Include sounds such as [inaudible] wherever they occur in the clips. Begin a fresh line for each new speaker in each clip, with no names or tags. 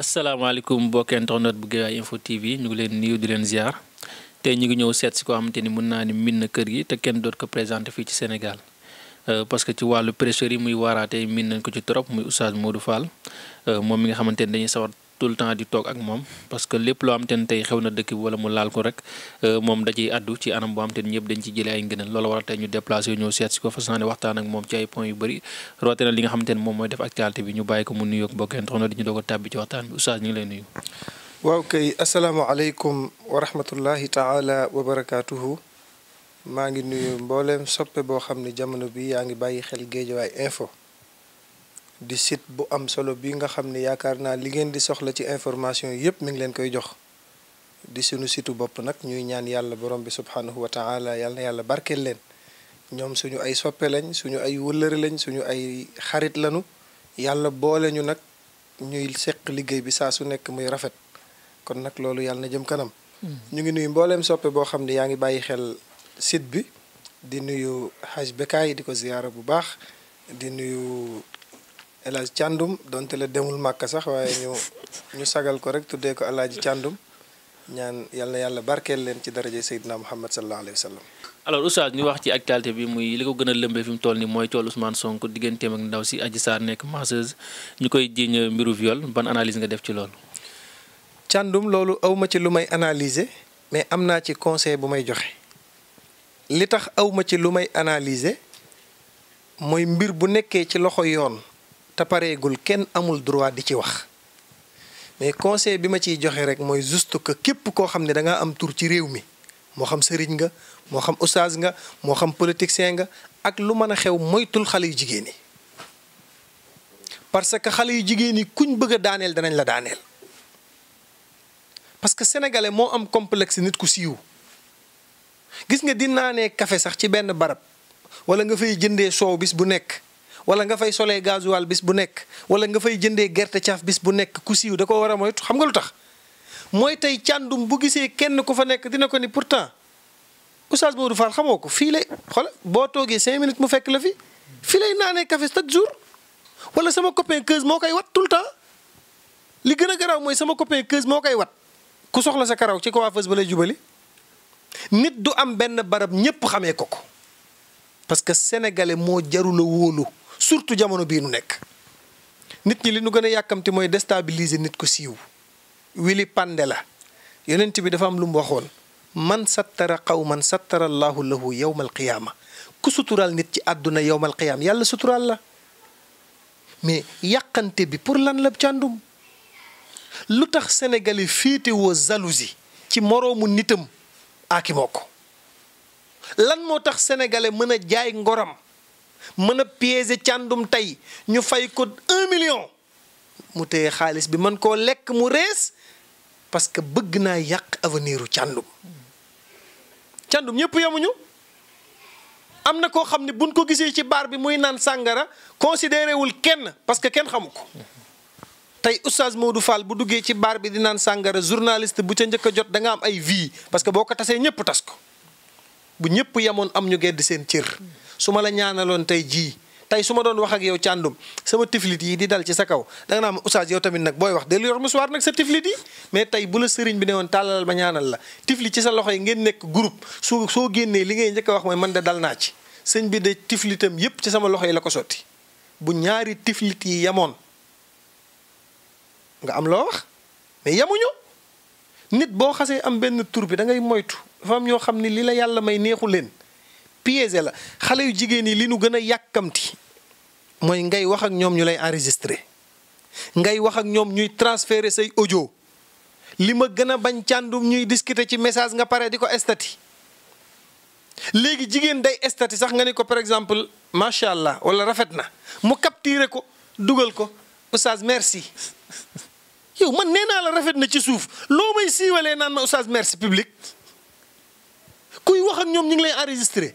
asalaamaaleykum mbokki internet bu Guédiawaye info TV ñu ngi leen nuyu di leen ziar tey ñu ngi ñëw seet si koo xamante ni mën naa ni min na kër gi te kenn doot ko présenté fii ci Sénégal euh, parce que ci wàllu prêcheurs yi muy waaraatee min nañ ko ci trop muy Oustaz Modou Fall euh, moom mi nga xamante ni dañuy sawar tout le temps di toog ak moom parce que lépp loo am te tey xew na dëkk bi wala mu laal ko rek euh, moom da ciy ci anam boo am te ne ñëpp dañ ci jëlee ay ngënal loola waral tey ñu déplacé ñëw seet si ko fas ne waxtaan ak moom ci ay points yu bëri roote na li nga xamante ne moom mooy def actualité bi ñu bàyyi ko mu nuyoog mbokk yi na di ñu doog a tàbbi ci waxtaan bi oustaz ñu lay nuyu. waaw kay
asalaamaaleykum wa rahmatullahi taala wa maa ngi nuyu di site bu am solo bi nga xam ne yaakaar naa li ngeen di soxla ci information yëpp mu ngi leen koy jox di suñu situ bopp nag ñuy ñaan yàlla borom bi subhaanahu wa taala yàlla na yàlla barkeel leen ñoom suñu ay soppe lañ suñu ay wëllëre lañ suñu ay xarit lañu yàlla boole ñu nag ñuy seq liggéey bi saa su nekk muy rafet kon nag loolu yàlla na jëm kanam. Hmm. ñu ngi nuyu mbooleem soppe boo xam ne yaa ngi bàyyi xel site bi di nuyu Haj Bekaay di ko ziyaara bu baax di nuyu. El Hadj donte la demul màkk sax waaye ñu ñu sagal ko rek tuddee ko El Hadj ñaan yal yàlla barkeel leen ci daraje Seydina Muhammad sallallahu alayhi wa sallam.
alors oustaz ñu wax ci actualité bi muy li ko gën a lëmbee fi mu toll nii mooy tool Ousmane Sonko digganteem ak ndaw si Adji Sarr nekk masseuse ñu koy jiiñ mbiru viol ban analyse nga def ci loolu. Thiandoum loolu
awma ci lu may analyser mais am naa ci conseil bu may joxe li tax awma ci lu may analyser mooy mbir bu nekkee ci loxo yoon. te pareegul kenn amul droit di ci wax mais conseil bi ma ciy joxe rek mooy juste que képp koo xam ne da ngaa am tur ci réew mi moo xam sëriñ nga moo xam oustaz nga moo xam politicien nga ak lu mën a xew moytul xale yu jigéen yi parce que xale yu jigéen yi kuñ bëgg a daaneel danañ la daaneel parce que sénégalais moo am complexe nit ku siiw gis nga naa ne kafe sax ci benn barab wala nga fay jëndee soow bu nekk wala nga fay solee gasoil bis bu nekk wala nga fay jëndee gerte caaf bis bu nekk ku siiw da ko war a moytu xam nga lu tax mooy tey càndum bu gisee kenn ku fa nekk dina ko ni pourtant oustaz u Fall xamoo ko fii lay xoola boo toogee cinq minutes fekk la fi fii lay naanee café chaque jour wala sama copain moo koy wat tout temps li gën a garaaw mooy sama copain keuse moo koy wat ku soxla sa karaw ci coiffeuse ba lay jubali nit du am benn barab ñépp xamee ko ko parce que sénégalais moo jarula wóolu surtout jamono bi nu nek nit ñi li nu gëna yakamti moy déstabiliser nit ko siiw wili Pandela yonent bi dafa am lu mu waxoon man sattara qawman sattara allah lahu yawm alqiyamah ku sutural nit ci aduna yawm alqiyam yàlla sutural la mais yakante bi pour lan la ciandum lutax sénégalais fité wo jalousie ci moromu nitam akimoko lan motax sénégalais meuna jaay ngoram mën a piéger càndum tey ñu fay ko un million mu téye xaalis bi mën koo lekk mu rees parce que bëgg naa yàq aveniru càndum càndum ñëpp yamuñu am na koo xam ne buñ ko gisee ci baar bi muy naan sàngara considéré wul kenn parce que kenn xamu ko tey oustaz Modou Fall bu duggee ci baar bi di naan sàngara journaliste bu ca njëkk jot da nga am ay vie parce que boo ko tasee ñëpp tas ko bu ñepp yamon am ñu gedd seen cër suma la ñaanaloon tay ji tay suma doon wax ak yow ciandum sama tiflit yi di dal ci sa kaw da nga am oustaz yow tamit nak boy wax del yor musuar nak sa tiflit yi mais tay bu la serign bi neewon talal tàllalal ma ñaanal la tiflit ci sa loxoy ngeen nek groupe so so li ngay ñëk wax moy man da dal na ci sëñ bi de tiflitam yépp ci sama loxoy la ko soti bu ñaari tiflit yi yamon nga am lo wax mais yamuñu nit boh xasse am ben tour bi da ngay moytu dafa am ñoo xam ni li la yàlla may neexu leen piégé la xale yu jigéen yi li nu gën a yàkkamti mooy ngay wax ak ñoom ñu lay enregistré ngay wax ak ñoom ñuy transféré say audio li ma gën a bañ càndum ñuy discuter ci message nga pare di ko estati léegi jigéen day estati sax nga ni ko par exemple macha allah wala rafet na mu capturé ko dugal ko oustaz merci yow man nee naa la rafet na ci suuf loo may siiwalee naan ma oustaz merci public. kuy wax ak ñoom ñu ngi lay enregistré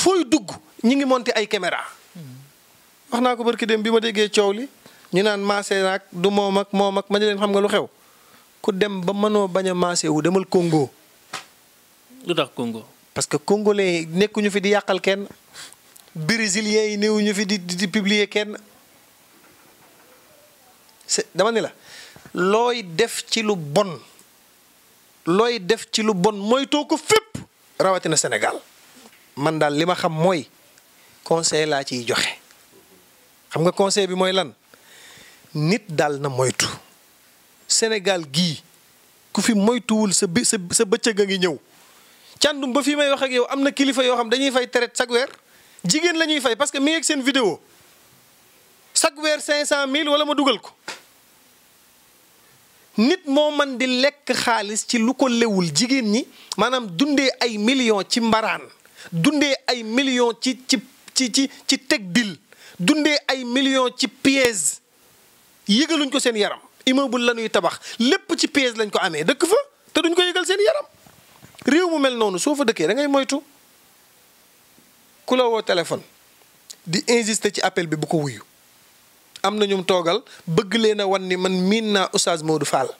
fooy dugg ñu ngi monté ay caméra wax naa ko barki dem bi ma déggee coow li ñu naan maase naag du moom ak moom ak mañ leen xam nga lu xew ku dem ba mënoo bañ a maase wu demal Congo. lu tax kongo parce que congolais nekkuñu fi di yàqal kenn brésiliens yi néewuñu fi di di publier kenn dama ni la looy def ci lu bon. loy def ci lu bon moytoo ko rawati rawatina senegal man dal lima xam moy conseil la ci joxe xam nga conseil bi moy lan nit dal na moytu senegal gii ku fi moytu wul sa sa bëccëg a ngi ñew ciandum ba fi may wax ak yow amna kilifa yo xam dañuy fay traite chaque wer jigen la fay parce que mi ak sen vidéo chaque wer 500000 wala ma duggal ko nit moo man di lekk xaalis ci lu ko lewul jigéen ñi maanaam dundee ay millions ci mbaraan dundee ay millions ci ci ci ci ci teg dil dundee ay millions ci pièces yëgaluñ ko seen yaram immeuble bu ñuy tabax lépp ci pièces lañ ko amee dëkk fa te duñ ko yëgal seen yaram réew mu mel noonu soo fa dëkkee da ngay moytu ku la woo téléphone di insister ci appel bi bu ko wuyu am na ñum toogal bëgg leen a wan ni man miin naa Oustaz du Fall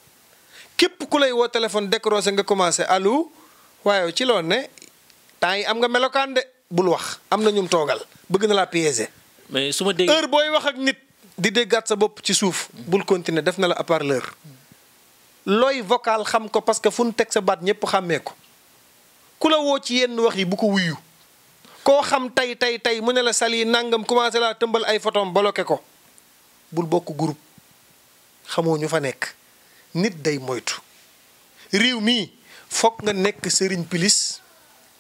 képp ku lay woo téléphone décroché nga commencé allo waaye ci loon ne temps yi am nga melokaan de bul wax am na ñum toogal bëgg na laa piéger. mais su ma booy wax ak nit. di déggaat sa bopp ci suuf. bul continuer def na la haut-parleur. looy vocal xam ko parce que fu nu teg sa baat ñëpp xàmmee ko ku la woo ci yenn wax yi bu ko wuyu koo xam tey tey tey mu ne la sali nangam commencé laa tëmbal ay photom bloqué ko. bul bokk groupe xamoo ñu fa nekk nit day moytu réew mii foog nga nekk sëriñ pilis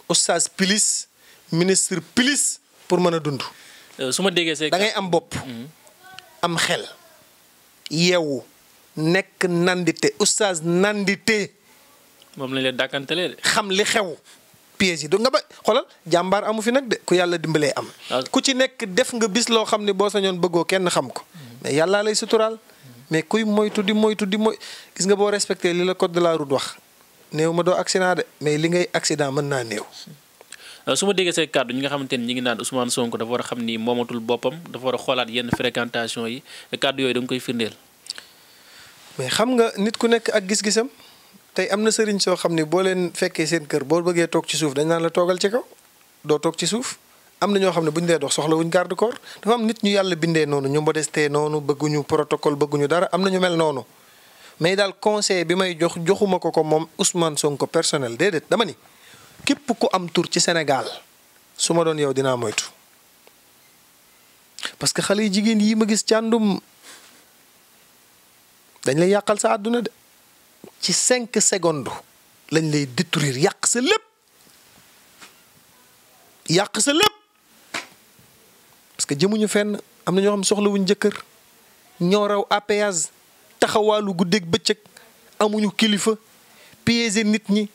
oustaz pilis ministre pilis pour mën a dund
euh, su ma déggee see da ngay am
bopp mm-hmm. am xel yeewu nekk nandite oustaz nandite moom lañ leen dàkkantalee xam li xew piège yi du nga ba xoolal jàmbaar amu fi nag de ku yàlla dimbalee am ah. ku ci nekk def nga bis loo xam ne boo sañoon bëggoo kenn xam ko mm. mais yàllaa lay suturaal mais kuy moytu di moytu di moy gis nga boo respecté li la code de la route wax néew ma doo accident de mais li ngay accident mën naa néew.
Euh, su ma déggee say kàddu ñi nga xamante ni ñi ngi naan Ousmane Sonko dafa war a xam ni moomatul boppam dafa war a xoolaat yenn fréquentation yi kàddu yooyu da nga koy firndeel.
mais xam nga nit ku nekk ak gis-gisam tey am na sëriñ soo xam ni boo leen fekkee seen kër boo bëggee toog ci suuf dañ naan la toogal ci ko doo toog ci suuf. am na ñoo xam ne bu ñu dee dox soxla wuñ garde corps dafa am nit ñu yàlla bindee noonu ñu modesté noonu bëgguñu protocole bëgguñu dara am na ñu mel noonu mais daal conseil bi may jox joxuma ko ko moom Ousmane ko personnel déedéet dama ni képp ko am tur ci senegal su ma doon yow dinaa moytu parce que xale yu jigéen yi ma gis càndum dañ lay yàqal sa àdduna de ci cinq secondes lañ lay détruire yàq sa lépp yàq sa lépp parce que jëmuñu fenn am na ñoo xam soxlawuñ jëkkër ñoo raw APS taxawaalu guddeeg bëccëg amuñu kilifa piéger nit ñi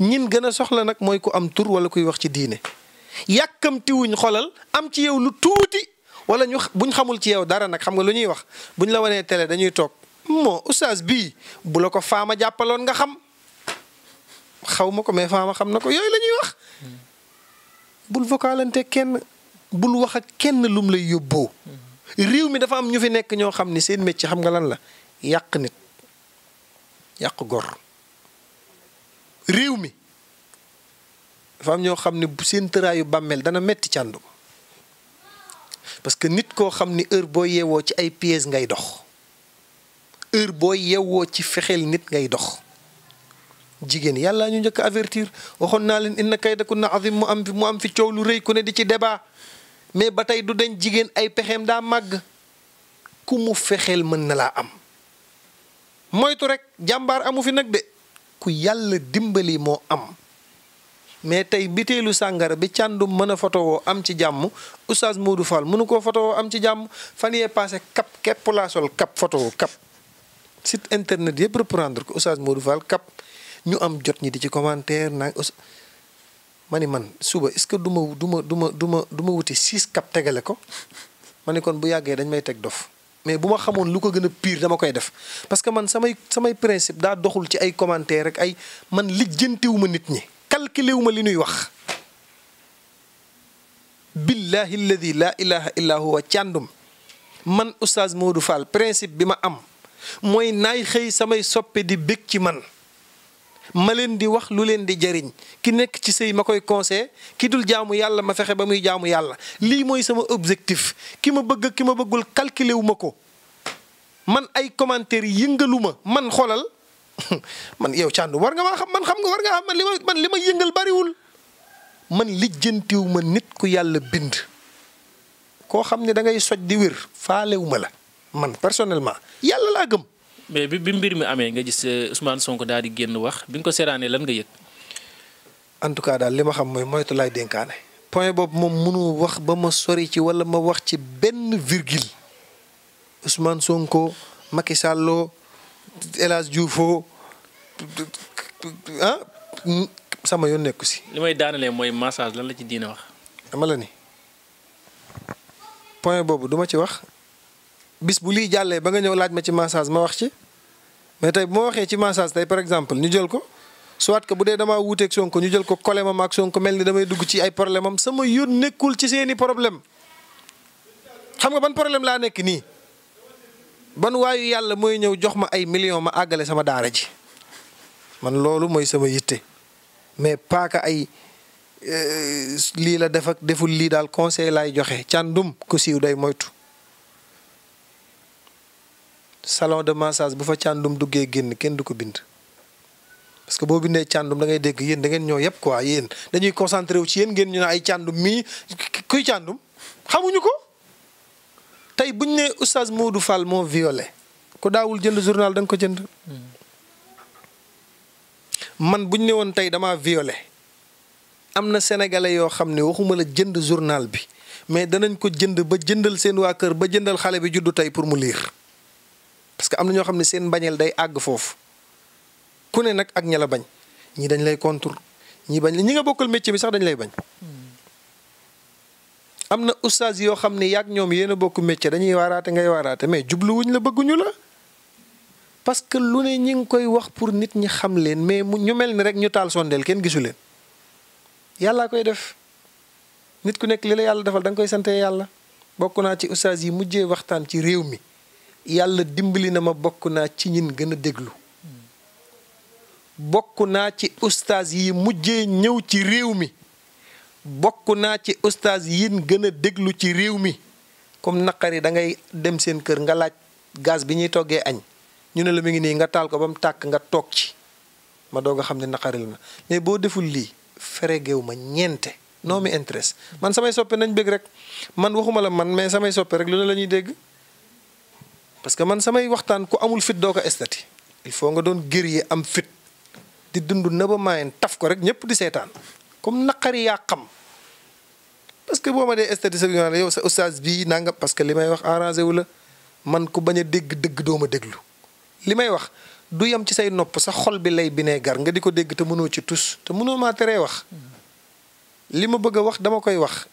ñin gën a soxla nag mooy ku am tur wala kuy wax ci diine yàkkamtiwuñ xolal am ci yow lu tuuti wala ñu buñ xamul ci yow dara nag xam nga lu ñuy wax buñ la wanee télé dañuy toog moo oustaz bii bu la ko faama jàppaloon nga xam xaw ma ko mais faama xam na ko yooyu lañuy wax bul vocalante kenn bul wax ak kenn lum la yóbboo mm-hmm. réew mi dafa am ñu fi nekk ñoo xam ni seen métier xam nga lan la yàq nit yàq gor réew mi dafa am ñoo xam ne seen tëraayu bàmmeel dana metti càndum parce que nit koo xam ni heure boo yeewoo ci ay pièces ngay dox heure booy yeewoo ci fexeel nit ngay dox jigéen yàlla ñu njëkk avertir waxoon naa leen inna na azim mu am fi mu am fi coow lu rëy ku ne di ci débat mais ba tey du dañ jigéen ay pexeem daa màgg ku mu fexeel mën na laa am moytu rek jàmbaar amu fi nag de ku yàlla dimbali moo am mais tey biteelu sàngara bi càndum mën a fotowoo am ci jàmm oustaz Modou Fall mënu koo fotowoo am ci jàmm fan yee passé cap képp laa sol cap foto cap site internet yëpp reprendre ko oustaz Modou Fall cap ñu am jot ñi di ci commentaire nag ma ni man suba est-ce que duma duma du ma du ma du ma wuti six kap tegale ko ma ni kon bu yàggee dañ may teg dof mais bu ma xamoon lu ko gën a pire dama koy def parce que man samay samay principe daa doxul ci ay commentaire rek ay man lijjantiwu ma nit ñi calculé wu ma li ñuy wax billahi alladi laa ilaha illa càndum man oustaz Modou Fall principe bi ma am mooy naay xëy samay soppe di bég ci man ma leen di wax lu leen di jariñ ki nekk ci sëy ma koy conseillé ki dul jaamu yàlla ma fexe ba muy jaamu yàlla lii mooy sama objectif ki ma bëgg ki ma bëggul calculé wu ma ko man ay commentaires yëngalu ma man xoolal [laughs] man yow càndu war nga maa xam man xam nga war nga xam man li ma man li ma yëngal bariwul man lijjantiw ma nit ku yàlla bind koo xam ne dangay soj di wér faalewu ma la man personnellement yàlla laa gëm
mais bi bi mbir mi amee nga gis euh, Ousmane Sonko daal di génn wax bi nga ko seeraanee lan nga yëg.
en tout cas daal li ma xam mooy moytu lay dénkaane. point boobu moom mënu wax ba ma sori ci wala ma wax ci benn virgule Ousmane Sonko Macky Sall El Hadj ah, sama yoon nekku si.
li may daanalee mooy message lan la ci diine wax.
dama la ni point boobu duma ci wax. bis bu lii jàllee ba nga ñëw laaj ma ci massage ma wax ci mais tey bu waxee ci massage tey par exemple ñu jël ko soit que bu dee damaa wuuteeg ko ñu jël ko collé ma ak Sonko mel ni damay dugg ci ay problème am sama yoon nekkul ci seeni problème xam nga ban problème laa nekk nii ban waayu yàlla mooy ñëw jox ma ay million ma àggale sama daara ji man loolu mooy sama yitte mais paaka ay euh, lii la def ak deful lii daal conseil laay joxe càndum ku siiw day moytu salon de massage bu fa càndum duggee génn kenn du ko bind parce que boo bindee càndum da ngay dégg yéen dangeen ñoo yëpp quoi yéen dañuy concentré wu ci yéen ngeen ñu ne ay càndum mii kuy càndum xamuñu ko tey buñ ne oustaz du Fall moo violé ku daawul jënd journal da nga ko jënd man buñ ne woon tey damaa violé am na sénégalais yoo xam ne waxuma la jënd journal bi mais danañ ko jënd ba jëndal seen waa kër ba jëndal xale bi juddu tey pour mu lire parce que am na ñoo xam ne seen mbañeel day àgg foofu ku ne nag ak ña la bañ ñi dañ lay contour ñi bañ la ñi nga bokkal métier bi sax dañ lay bañ. Hmm. am na ustaas yoo xam ne yaag ñoom yéen a bokk métier dañuy waaraate ngay waaraate mais jubluwuñ la bëgguñu la. parce que lu ne ñi ngi koy wax pour nit ñi xam leen mais ñu mel ni rek ñu taal sondeel kenn gisu leen yàllaa koy def nit ku nekk li la yàlla defal da koy sante yàlla bokk naa ci ustaas yi mujjee waxtaan ci réew mi. yàlla dimbali na ma bokk naa ci ñin gën a déglu bokk naa ci ustaas yi mujjee ñëw ci réew mi bokk naa ci ustaas yin gën a déglu ci réew mi comme naqari da ngay dem seen kër nga laaj gaz bi ñuy toggee añ ñu ne la mu ngi nii nga taal ko ba mu tàkk nga toog ci ma doog a xam ne naqaril na mais boo deful lii géew ma ñeente noo mi intéresse man samay soppe nañ bëgg rek man waxuma la man mais samay soppe rek lu ne la ñuy dégg parce que man samay waxtaan ku amul fit doo ko estati il faut nga doon yi am fit di dund na ba maayen taf ko rek ñëpp di seetaan comme naqari yaa xam parce que boo ma dee estati sax la sa oustaz bi nanga parce que li may wax arrangé wu la man ku bañ a dégg dégg doo ma déglu li may wax du yem ci say nopp sa xol bi lay binee gar nga di ko dégg te mënoo ci tus te mënoo maa teree wax li ma bëgg a wax dama koy wax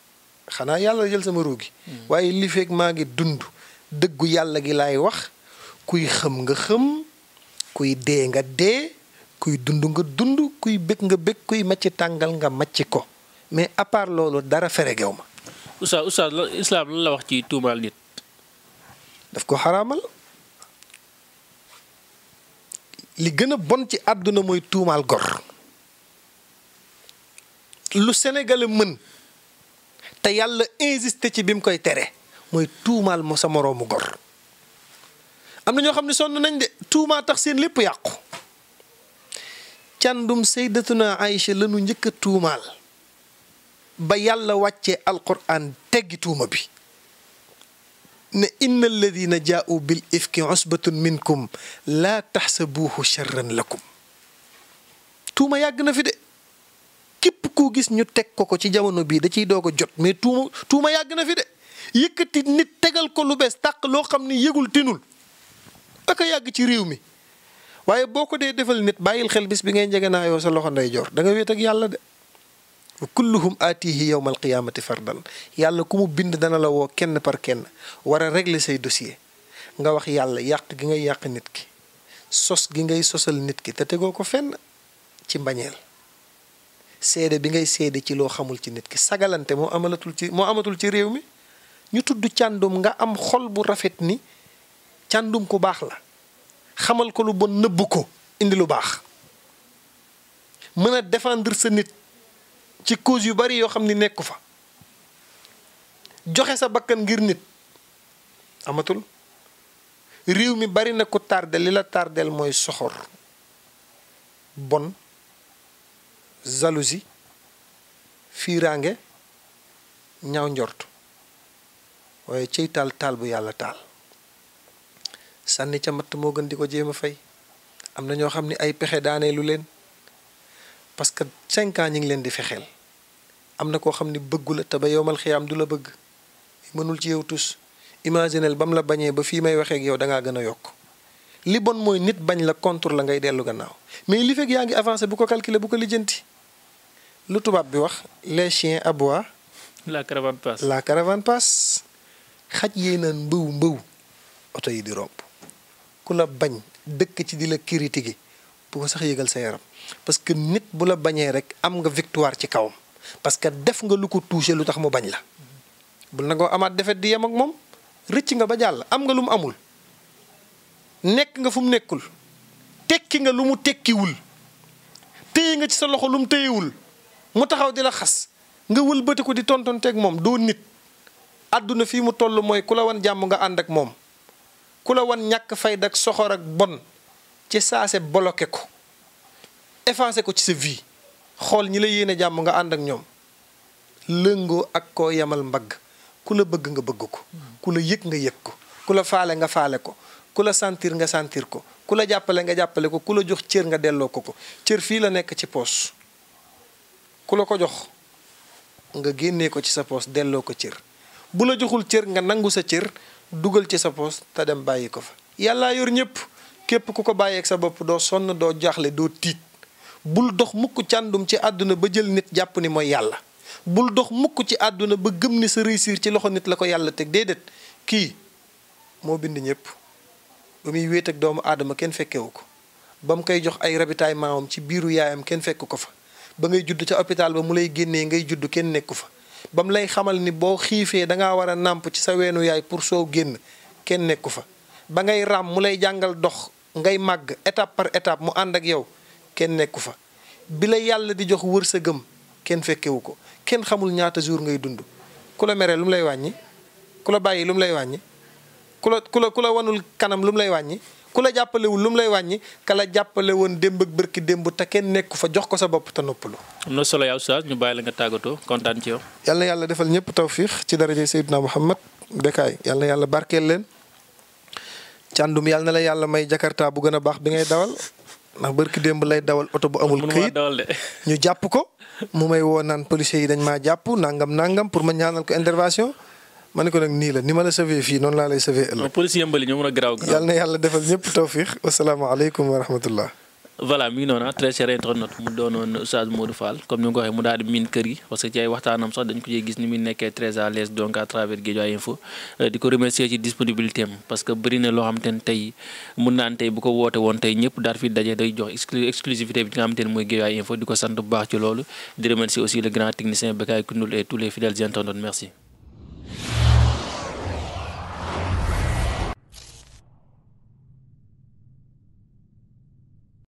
xanaa yàlla jël sama ruugi hmm. waaye li feeg maa ngi dund dëggu yàlla gi laay wax kuy xëm nga xëm kuy dee nga dee kuy dund nga dund kuy bëgg nga bëgg kuy macc tàngal nga macc ko mais à part loolu dara feregew ma.
oustaz oustaz islam lan la wax ci tuumaal nit. daf
ko xaramal li gën a bon ci àdduna mooy tuumaal gor. lu Sénégal mën te yàlla insisté ci bi mu koy tere. mooy tuumaal ma sa moroomu gor am na ñoo xam ne sonn nañ de tuumaa tax seen lépp yàqu càndum saydatuna Aïcha lanu njëkk a tuumaal ba yàlla wàccee alquran teggi tuuma bi ne inna alladina jaau bil ifki usbatun minkum laa taxsabuuhu charran lakum tuuma yàgg na fi de képp koo gis ñu teg ko ko ci jamono bii da ciy doo ko jot mais tuuma yàgg na fi de yëkëti nit tegal ko lu bees tak lo xamni ni yëgul tinul ak a ci réew mi waye boko ko defal nit bayil xel bis bi ngay yo sa loxo ndey jor da nga wét ak yalla de wa kulluhum aatihi yowma alqiyamati fardan yalla kumu bind dana la wo kenn par kenn wara régler say dossier nga wax yalla yaq gi ngay yaq nit ki sos gi ngay sosal nit ki te tegoo ko fenn ci mbagnel seede bi ngay seede ci lo xamul ci nit ki sagalante mo amalatul ci mo amatul ci réew mi ñu tuddu ciandum nga am xol bu rafet ni ciandum ku bax la xamal ko lu bon neub ko indi lu bax mën défendre sa nit ci cause yu bari yo xamni ni nekku fa joxe sa bakkan ngir nit amatul riw mi bari na ko tardel lila tardel moy soxor bon jalousie firange ñaw njort waaye cey taal taal bu yàlla taal sànni ca matt moo gën di ko jéem a fay am na ñoo xam ne ay pexe daanee lu leen parce que cinq ans ngi leen di fexeel am na koo xam ne bëggu la te ba yowmal xiyaam du la bëgg mënul ci yow tus imaginel ba mu la bañee ba fii may waxee ak yow da ngaa gën a yokk li bon mooy nit bañ la contre la ngay dellu gannaaw mais li fekk yaa ngi avancé bu ko calculer bu ko lijjanti lu tubaab bi wax les chiens aboient.
la caravane passe la
caravane passe. xaj yee naan mbëw mbëw oto yi di romp ku la bañ dëkk ci di la critiquer bu ko sax yëgal sa yaram parce que nit bu la bañee rek am nga victoire ci kawam parce que def nga lu ko touché lu tax mu bañ la bul nga amaat defet di yem ak moom rëcc nga ba jàll am nga lu mu amul nekk nga fu mu nekkul tekki nga lu mu tekkiwul téye nga ci sa loxo lu mu téyewul mu taxaw di la xas nga wëlbati ko di tontonteeg moom doo nit àdduna fii mu toll mooy ku la wan jàmm nga ànd ak moom ku la wan ñàkk fayda ak soxor ak bon ci saase bloqué ko effacé ko ci sa vie xool ñi la yéene jàmm nga ànd ak ñoom lëngoo ak ko yemal mbagg ku la bëgg nga bëgg ko ku la yëg nga yëg ko ku la faale nga faale ko ku la sentir nga sentir ko ku la jàppale nga jàppale ko ku la jox cër nga delloo ko ko cër fii la nekk ci poos ku la ko jox nga génnee ko ci sa poos delloo ko cër bu la joxul cër nga nangu sa cër dugal ci sa poos te dem bàyyi ko fa yàllaa yor ñëpp képp ku ko bàyyeeg sa bopp doo sonn doo jaaxle doo tiit bul dox mukk càndum ci àdduna ba jël nit jàpp ni mooy yàlla bul dox mukk ci àdduna ba gëm ni sa réussir ci loxo nit la ko yàlla teg déedéet kii moo bind ñëpp ba muy wéet ak doomu aadama kenn fekkewu ko ba mu koy jox ay rabitaay maamam ci biiru yaayam kenn fekk ko fa ba ngay judd ca hôpital ba mu lay génnee ngay judd kenn nekku fa ba mu lay xamal ni boo xiifee da ngaa war a nàmp ci sa weenu yaay pour soo génn kenn nekku fa ba ngay raam mu lay jàngal dox ngay màgg étape par étape mu ànd ak yow kenn nekku fa bi la yàlla di jox wër sa gëm kenn fekkewu ko kenn xamul ñaata jours ngay dund ku la meree lu mu lay wàññi ku la bàyyi lu mu lay wàññi ku la ku la ku la wanul kanam lu mu lay wàññi kula jappale wu lum lay wañi kala jappale won demb ak barki démb ta ken nek fa jox ko sa bop ta noppalu
am na solo yow Oustaz ñu bayila nga tàggatoo contane ci yow
yalla yalla defal ñepp tawfiq ci daraje Seydina Muhammad bekay yalla yalla barkel len ciandum yalla yàlla na la yàlla may jakarta bu gëna bax bi ngay dawal ndax barki demb lay dawal auto bu amul kayit ñu japp ko mu may wo nan policiers yi dañ ma japp nangam nangam pour ma ñaanal ko intervention ma ne ko nag nii la ni ma la sauvé fii noonu laa lay sauvé la
police yëmbali ñom na graw graw
yalla na yàlla defal ñep wa tawfiix alaykum wa rahmatullah.
voilà mi ngi très cher internaute mu donon oustad Modou Fall comme ñu ko waxe mu daal min keur yi parce que ci ay waxtanam sax dañ ko jé gis ni mi nekké très à l'aise donc à travers Guédiawaye Info diko remercier ci disponibilité am parce que bari na lo xam tane tay mu nan tay bu ko woté won tay ñep daal fi daje day jox exclusivité bi nga xam tane moy mooy Info diko sante bu baax ci lolu di remercier aussi le grand technicien Bekay Koundoul et tous les fidèles internautes merci